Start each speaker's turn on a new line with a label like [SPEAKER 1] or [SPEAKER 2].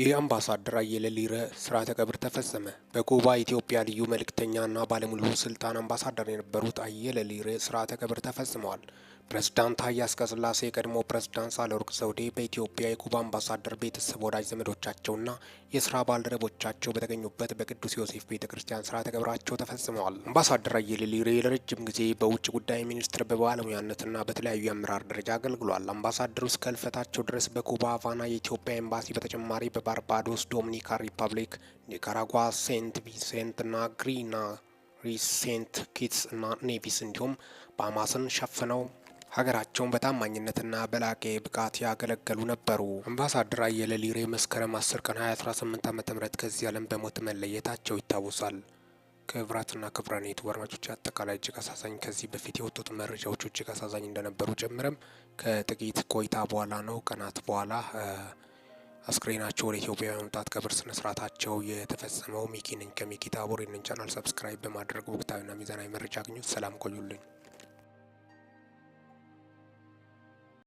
[SPEAKER 1] የአምባሳደር አየለ ሊረ ስርዓተ ቀብር ተፈጸመ። በኩባ ኢትዮጵያ ልዩ መልእክተኛና ባለሙሉ ስልጣን አምባሳደር የነበሩት አየለ ሊረ ስርዓተ ቀብር ተፈጽመዋል። ፕሬዝዳንት ታዬ አጽቀሥላሴ፣ የቀድሞ ፕሬዝዳንት ሳህለወርቅ ዘውዴ በኢትዮጵያ የኩባ አምባሳደር ቤተሰብ፣ ወዳጅ ዘመዶቻቸውና የስራ ባልደረቦቻቸው በተገኙበት በቅዱስ ዮሴፍ ቤተ ክርስቲያን ስርዓተ ቀብራቸው ተፈጽመዋል። አምባሳደር አየለ ሊረ ለረጅም ጊዜ በውጭ ጉዳይ ሚኒስቴር በባለሙያነትና በተለያዩ የአመራር ደረጃ አገልግሏል። አምባሳደሩ እስከ ሕልፈታቸው ድረስ በኩባ አቫና የኢትዮጵያ ኤምባሲ በተጨማሪ ባርባዶስ፣ ዶሚኒካን ሪፐብሊክ፣ ኒካራጓ፣ ሴንት ቪንሴንት ና ግሪና ሪሴንት ኪትስ እና ኔቪስ እንዲሁም ባማስን ሸፍነው ሀገራቸውን በታማኝነትና በላቀ ብቃት ያገለገሉ ነበሩ። አምባሳደር አየለ ሊሬ መስከረም 10 ቀን 2018 ም ከዚህ ዓለም በሞት መለየታቸው ይታወሳል። ክብራትና ክብራን የተወርማቾች አጠቃላይ እጅግ አሳዛኝ ከዚህ በፊት የወጡት መረጃዎች እጅግ አሳዛኝ እንደነበሩ ጀምረም ከጥቂት ቆይታ በኋላ ነው ቀናት በኋላ አስክሬናቸው ወደ ኢትዮጵያ በመምጣት ቀብር ስነ ስርዓታቸው የተፈጸመው። ሚኪ ነኝ ከሚኪ ታቦር። ቻናል ሰብስክራይብ በማድረግ ወቅታዊና ሚዛናዊ መረጃ አግኙት። ሰላም ቆዩልኝ።